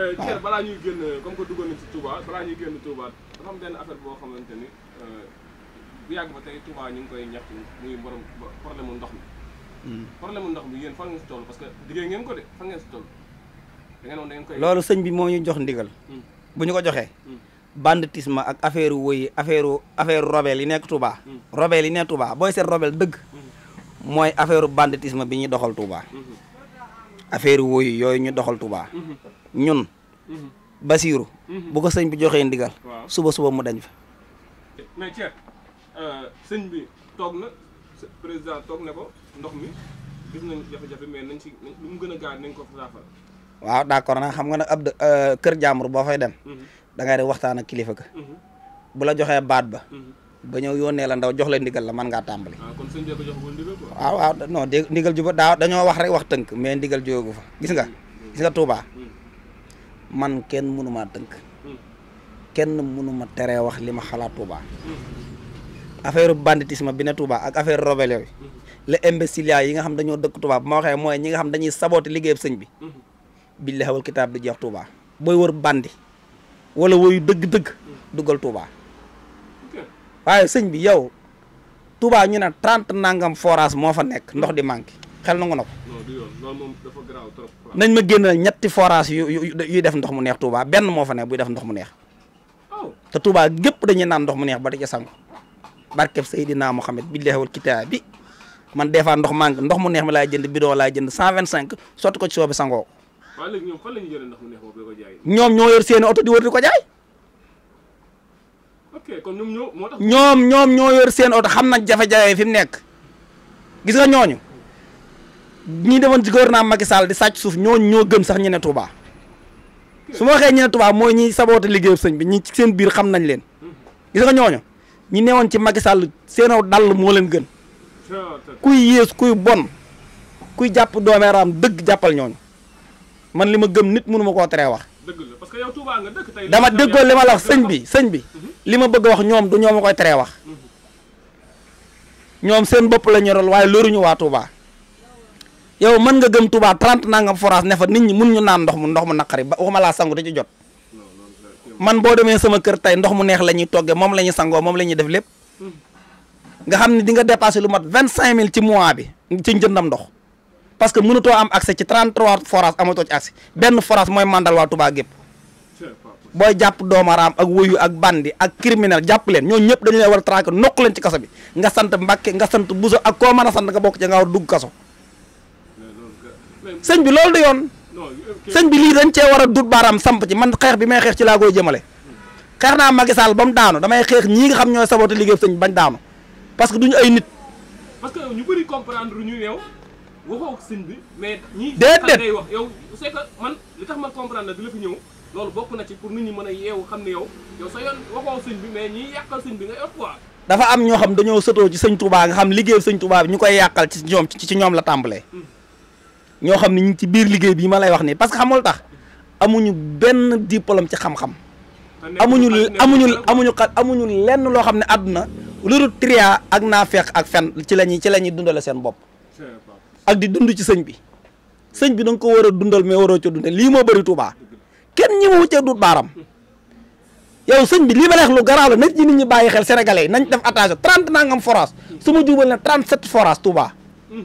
Euh, Thiel balaa ñuy génn comme boo xamante ne euh, bu yàgg ndox mi. Hmm. problème ndox mi yéen si toll parce que liggéey ngeen ko de fan ngeen si toll loolu sëñ bi moo ñu jox ndigal. Hmm. bu ñu ko joxee. Hmm. banditisme ak affaire woyi affaire affaire robel yi nekk Touba. robel yi nekk Touba booy seet robel dëgg. mooy affaire banditisme bi ñuy doxal Touba. affaire yooyu ñu doxal ñun mhm. basiru mhm. bu ko señ bi joxe ndigal suba suba mu dañ fa euh, na ci euh señ bi tok na président tok na ko ndox mi gis nañ jafé jafé mais nañ ci lu mu gëna gaar nañ ko saafara waaw d'accord na xam nga nag euh kër jàmbur boo fay dem mhm. da ngay def waxtaan ak kilifa ga bu la joxe baat ba ba ñew yone la ndaw jox la ndigal la man nga tambali ah kon señ jox mën ndigal ko waaw waaw non ndigal ju ba daaw wax rek wax teunk mais ndigal jógu fa gis nga gis nga Touba man kenn mënuma tënk kenn mënuma téré wax lima ma Touba affaire banditisme bi ne Touba ak affaire rebelle le imbécile yi nga xam dañu dëkk Touba bu ma moy ñi nga xam dañuy saboter liggéeyab sëñ bi billahi wal kitab di jox Touba boy wër bandi wala woyu dëgg-dëgg duggal Touba waye sëñ bi yow Touba ñu ne 30 nangam forage mo fa nek ndox di manki xel nangu na ko. nañ ma génn ñetti forage yu yuy def ndox mu neex Touba benn moo fa ne buy def ndox mu neex oh. te Touba gépp dañuy naan ndox mu neex ba da ca sangu barkeb Seydina Mohamed billahi wal kitaabi man des fois ndox maa ndox mu neex mi laay jënd bidon laay jënd cent vingt cinq sotti ko ci soobe sangoo ko ñoom ñoo yor seeni oto di wër di ko jaay ñoom ñoom ñoo yor seen oto xam na jafe-jafe fi mu nekk gis nga ñooñu ñi demoon ci gouvernement Macky Sall di sàcc suuf ñoo ñoo gëm sax ñu ne Touba su ma waxee ñu ne Touba mooy ñi saboote liggéeyu sëñ bi ñii ci seen biir xam nañ leen gis nga ñooñu ñi woon ci Macky Sall seenaw dàll moo leen gën kuy yées kuy bon kuy jàpp doomeeraam dëgg jàppal ñooñu man li ma gën nit mënu ma koo teree wax. dëgg dama dëggoo li ma la sëñ bi sëñ bi mhm. li ma bëgg a wax ñoom du ñoo ma koy teree wax mhm. ñoom seen bopp la ñoral waaye loruñu waa Touba. yow man nga gëm tubaa 30 nangam forage ne fa nit ñi mun ñu naan ndox mu ndox mu naqari ba waxuma laa sangu te ci jot man boo demee sama kër tey ndox mu neex la ñuy toggee moom la ñuy sangoo moom la ñuy def lépp nga xam ne di nga dépassé lu mat vingt mille ci mois bi ci njëndam ndox parce que mënutoo am accès ci 33 forage amatoo ci accès benn forage mooy mandal waa Touba gépp booy jàpp doomaraam ak wuyu ak bandi ak criminel jàpp leen ñooñu ñëpp dañu leen war a traqué nokk leen ci nga sant Mbàkke nga sant Buso ak koo mën a sant nga bokk ci nga kaso sëñ bi loolu du yoon sëñ bi lii dañ cee war a dut baaraam samp ci man xeex bi may xeex ci laa koy jëmale xeex naa Macky Sall ba mu daanu damay xeex ñii nga xam ñooy saboté liggéey sëñ bañ daanu parce que duñu ay nit parce que ñu bëri comprendre ñu yow waxoo ak sëñ bi mais ñi déedéet wax yow c'est que tax ma comprendre la di la fi loolu bokk na ci pour nit ñi mën a yeewu xam ne yow yow sa yoon waxoo sëñ bi mais ñi yàqal sëñ bi nga yor quoi dafa am ñoo xam sëñ Touba nga xam liggéey sëñ Touba bi ñu koy yàqal ci ñoom ci ñoom la tàmbalee mm. ñoo xam ne ñu ngi ci biir liggéey bi ma lay wax nii parce que xamul tax amuñu benn diplôme ci xam-xam. amuñu amuñu amuñu xa amuñu lenn loo xam ne àdduna lu dul tria ak naafeq ak fen ci la ñuy ci la ñuy dundale seen bopp. ak di dund ci sëñ bi sëñ bi da nga ko war a dundal mais waroo ca dundal lii moo bëri Tuubaa kenn ñi ma wuccee dut baaram yow sëñ bi lii ma leex lu garaaw la nag ñi nit ñi bàyyi xel sénégalais yi nañ def attention trente nangam forage su ma jubal ne trente sept forage Tuubaa mm.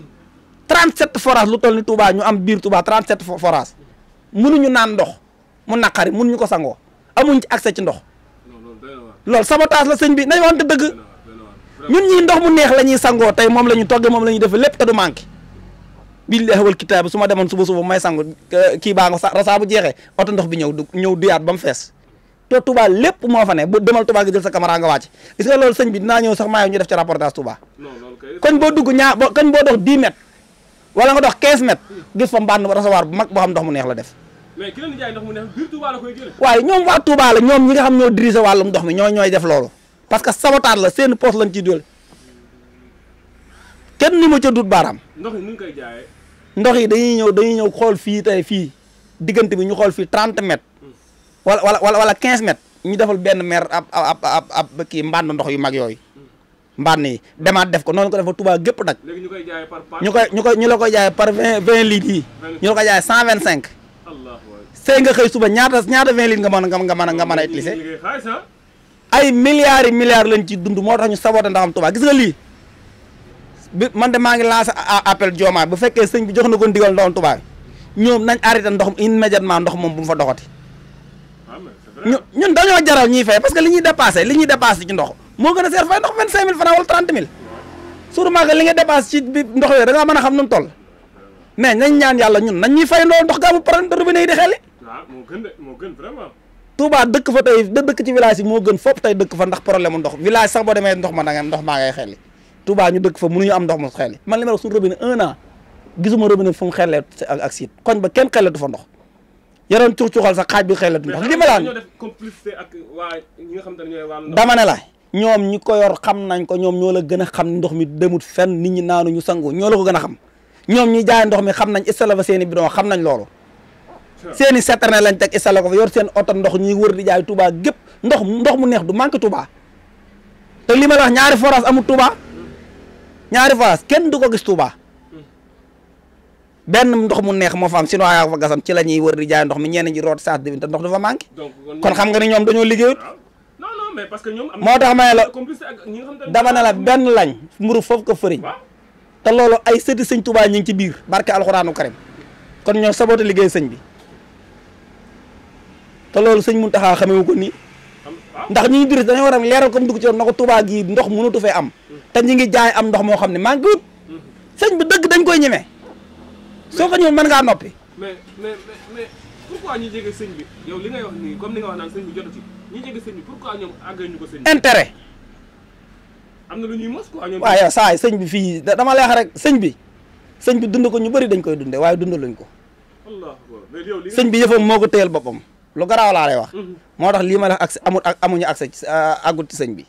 37 forage lu tolni Touba ñu am bir Touba 37 forage ñu nan ndox mu nakari naqari ñu ko sango amuñ ci accès ci ndox loolu sabotage la señ bi nañ wante deug ñun ñi ndox mu neex lañuy sango tay mom lañu togg mom toggee def lepp te du manki billahi wal kitab suma demone demoon suba suba may sango ki ba nga rasa bu jexé auto ndox bi ñew ñew duyat bam fess to Touba lepp mo fa ne bu demal Touba gi jël sa camera nga wacc gis nga lool señ bi dinaa ñew sax maa ñu def ci rapportage Touba kon bo dugg ñaa kon bo dox 10 mètres wala nga dox 15 mètres gis fa mbànn recevoir bu mag bo xam ndox mu neex la def mais ki leen jaay ndox mu neex bir Touba la koy jël way ñom wa Touba la ñom ñi nga xam ñoo dirigé wàllum ndox mi ñoo ñooy def loolu parce que sabotage la seen poste lañ ci dóole kenn ni ma ci dut baram ndox yi ñu koy jaay ndox yi dañuy ñew dañuy ñew xol fi tay fi diggante bi ñu xol fi 30 mètres hmm. wala wala wala 15 mètres ñu defal ben mer ab ab ab ab ki mbànd ndox yu mag yoy mbànn yi demaat def ko noonu ko def ba Touba gépp nag ñu koy ñu koy ñu la koy jaayee par vingt vingt litres yi ñu la koy cent vingt cinq sëy nga xëy suba ñaata ñaata vingt litres nga mën a nga mën a nga mën a utiliser ah. ay milliards yi milliards lañ ci dund moo tax ñu saboté ndaxam Touba gis nga lii bi man de maa ngi lancé appel Diomaye bu fekkee sëñ bu jox na ko ndigal ndoxam Touba ñoom nañ arrêté ndox immédiatement ndox moom bu mu fa doxati ah, ñun dañoo jaral ñuy fay parce que li ñuy dépassé li ñuy dépassé ci ndox moo gën a seer fay ndox 25000 francs wala 30000 suur maa li nga dépasse ci bi ndox yooyu da ngaa mën a xam na mu toll mais nañ ñaan yàlla ñun nañ ñuy fay ndoo ndox gaa bu problème de robinet yi di xeli waaw ah, moo gën dëkk fa tey dëkk ci village yi moo gën fopp tey dëkk fa ndax problème ndox village sax boo demee ndox ma da nga ndox maa ngay xeli Touba ñu dëkk fa mënuñu am ndox mu xeli man li ma wax suñu robinet un an gisuma robinet fu mu xelee ak ak siit koñ ba kenn xelee du fa ndox yaroon cuux cuuxal sax xaaj bi xelee du ndox li ma laan dama ne la ñoom ñi ko yor xam nañ ko ñoom ñoo la gën a xam ndox mi demut fenn nit ñi naanu ñu sangu ñoo la ko gën a xam ñoom ñi jaay ndox mi xam nañ istala fa seen i bidon xam nañ loolu seen i seterne lañ teg istala ko fa yor seen oto ndox ñuy wër di jaay Touba gépp ndox ndox mu neex du manqué Touba te li ma wax ñaari forage amul Touba ñaari forage kenn du ko gis Touba benn ndox mu neex moo fa am sinon yaa fa gasam ci la ñuy war di jaay ndox mi ñenn ñi root saas diwin te fa manqué kon xam nga ni ñoom dañoo liggéeyut moo tax ma ne la dama ne la benn lañ mburu foofu ko fëriñ te loolu ay sëti sëñ Tuubaa ñu ngi ci biir barke alxuraanu karim kon ñoo saboté liggéey sëñ bi te loolu sëñ Muntaxa xamewu ko nii ndax ñi ngi diris dañoo war a leeral comme dugg ci yoon na ko Tuubaa gii ndox mënatu fee am te ñi ngi jaay am ndox moo xam ne maa ngi wut mm-hmm. sëñ bi dëgg dañ koy ñemee soo ko ñëwul mën ngaa noppi pourquoi ñi jege sëñ bi yow li ngay wax nii comme ni nga wax naan sëñ bi jotati ñi jege sëñ bi pourquoi ñoom àggee ñu sëñ intérêt. am lu ñuy mos quoi ñoom. waaw yow saa sëñ bi fii dama lay wax rek sëñ bi sëñ bi dund ko ñu bëri allah yow li sëñ bi yëfam moo ko téyel boppam lu garaaw laa lay wax. Mhm. moo tax lii ma la accès amul ak amuñu accès euh, àggut ci sëñ bi.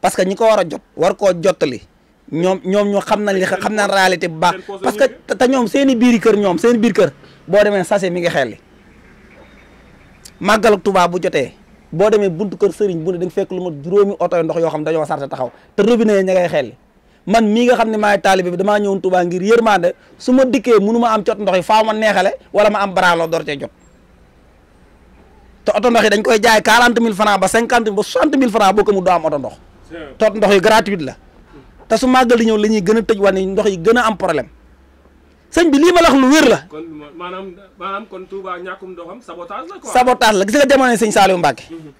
parce que ñi ko war a jot war koo jottali. ñoom ñoom ñoo xam li xam réalité bu baax parce que te ñoom seen biir kër ñoom seen biir kër boo demee sachet mi ngi xel li màggalu Tuubaa bu jotee boo demee buntu kër sëriñ bu ne dañ fekk lu mat juróomi oto ndox yoo xam dañoo sarte taxaw te robinet yi ña ngay xel man mii nga xam ne maay taalibe bi damaa ñëwoon tubaa ngir yër yërmande su ma dikkee mënu ma am cot ndox yi faaw ma neexale wala ma am baraaloo door cee jot te oto ndox yi dañ koy jaay quarante mille franc ba cinquante mille ba soixante mille boo ko mu doo am oto ndox tot ndox yi gratuite la te su màggal di ñëw la ñuy gën a tëj wane ndox yi gën a am problème sëñ bi lii ma la wax lu wér la. kon maanaam maanaam kon Touba ñàkkum ndoxam sabotage la quoi. sabotage la gis nga jamono sëñ Saliou Mbacke. Mhm.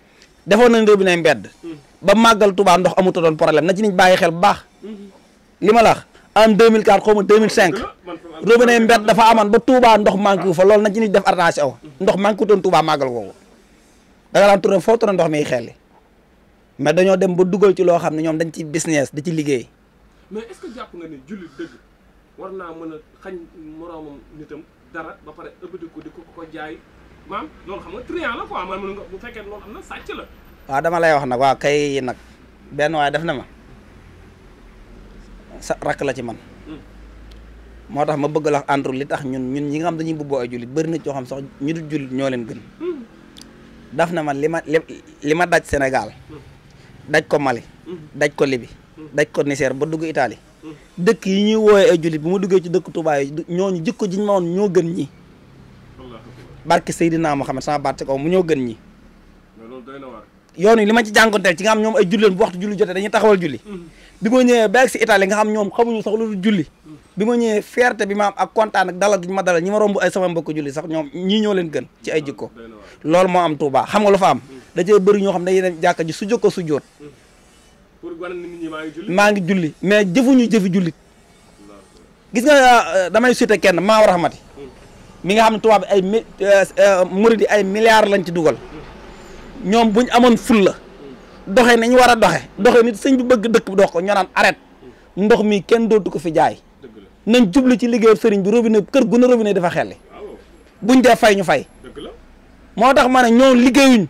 defoon nañ robinet mbedd. Mhm. ba màggal Touba ndox amuta doon problème na ci bàyyi xel bu baax. Mhm. li ma la wax en 2004 xaw ma 2005. robinet mbedd dafa amoon ba Touba ndox manqué wu fa loolu na ci nit def attention ndox manqué wutoon Touba màggal woowu. da nga daan tourné foo tourné ndox mi xel mais dañoo dem ba dugal ci loo xam ne ñoom dañ ci business di ci liggéey. warna naa mën a xañ moroomam nitam dara ba pare ëbbadiku di ko ko jaay maam loolu xam nga triant la quoi maam nga bu fekkee loolu am na sàcc la. waaw dama lay wax nag waaw kay nak benn waaye def na ma sa rakk la ci man. Hmm. moo ma bëgg la wax li tax ñun ñun ñi nga xam dañuy bubboo ay julit bari na ci xam sax ñu du jullit ño leen gën. Hmm. daf na ma lima lima daj senegal hmm. daj ko Mali. daj ko Libi. daj ko Niger ba dugg Italie. dëkk yi ñuy woowee ay jullit bi mu duggee ci dëkk Touba yi ñooñu jikko jiñ ma woon ñoo gën ñi barke Seydina Muhammad sama baat ci kaw mu ñoo gën ñi yoon yi li ma ci jànkonteel ci nga am ñoom ay julleen bu waxtu julli jotee dañuy taxawal bi ma ñëwee ba ak si Italie nga xam ñoom xamuñu sax lu julli bi ma ñëwee fierté bi ma am ak kontaan ak dalal gi ma dalal ñi ma romb ay sama mbokk julli sax ñoom ñii ñoo leen gën ci ay jikko loolu moo am Touba xam nga lu fa am da cee bëri ñoo xam ne dañuy dem jàkka ji su jokko su jóot pour wane maa ngi julli. mais ngi julli mais jëfuñu jëfi jullit. gis nga euh, damay cité kenn maa rahmati mi nga xam ne tubaab bi ay mi euh, euh, murid ay milliards lañ ci dugal. ñoom buñ amoon ful la. doxee nañ war a doxe doxe nit sëñ bi bëgg dëkk dox ko ñoo naan arrête ndox mi kenn dootu ko fi jaay nañ jublu ci liggéeyu sëriñ bi robinet kër gu ne robinet dafa xelli buñ dee fay ñu fay moo tax ma ne liggéeyuñ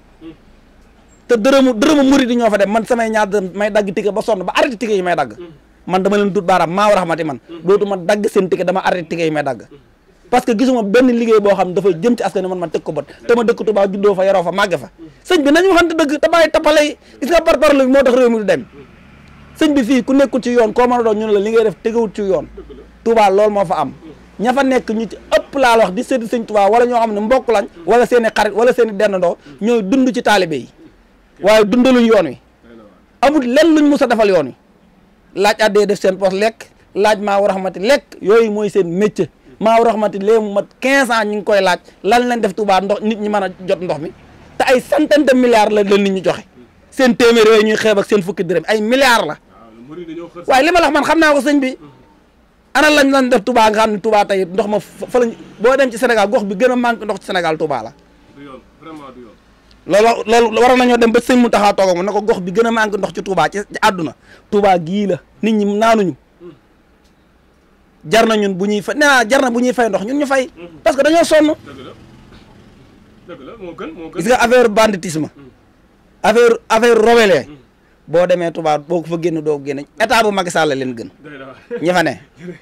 te dërëmu dërëmu murid yi ñoo fa dem man samay ñaar dërëm may dagg ticket ba sonn ba arrêté ticket yi may dagg mm. man dama leen dut baaraam maa war xamati man mm. dootuma dagg seen ticket dama arrêté ticket yi may dagg mm. parce que gisuma benn liggéey boo xam dafa jëm ci askan wi man ma teg ko bët dëkk Tuubaa juddoo fa yaroo fa màgge fa sëñ bi nañu waxante dëgg te bàyyi tapale yi gis nga par parlo bi moo fii ku nekkul ci yoon koo mën a doon ñu ne la li ngay moo fa am ña fa nekk ñu ci ëpp laal wax di seeti sëñ Tuubaa wala ñoo xam ne mbokk lañ wala seen i xarit wala seen i dendandoo ñooy dund ci taalibe yi waaye dundaluñ yoon wi amul lenn luñ mus a defal yoon wi laaj addee def seen poste lekk laaj maa war xamante lekk yooyu mooy seen métier maa war xamante léegi mu mat quinze ans ñu ngi koy laaj lan lan def Touba ndox nit ñi mën a jot ndox mi te ay centaine de milliards la leen nit ñu joxe seen téeméer yooyu ñuy xeeb ak seen fukki dërëm ay milliards la waaye li ma la man xam naa ko sëñ bi ana lañ lan def Touba nga xam ne Touba tey ndox ma fa lañ boo dem ci Sénégal gox bi gën a manque ndox ci Sénégal Touba loolu loolu waroon nañoo dem ba sëñ mu taxaa toog mu ne ko gox bi gën a manqué ndox ci Touba ci àdduna Touba gii la nit ñi naanuñu jar na ñun bu ñuy fay nee jar na bu ñuy fay ndox ñun ñu fay parce que dañoo sonn dëgg la moo gën moo affaire affaire affaire mm. boo demee tubaab boo ko génn doo génn état leen gën ñi fa ne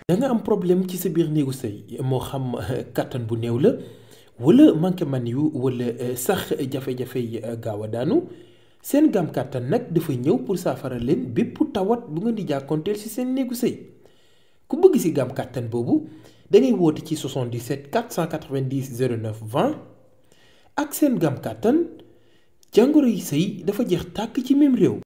da am problème ci sa biir néegu sëy moo xam euh, kattan bu néew la wala manque yu wala eh, sax jafe-jafe yi eh, gaaw a daanu seen gaam kàttan nag dafa ñëw pour saafara leen bépp tawat bu ngeen di de ci seen néegu sëy ku bëgg ci gaam kàttan boobu ci 77 490 09 20 ak seen gaam kàttan jàngoro yi sëy dafa ci même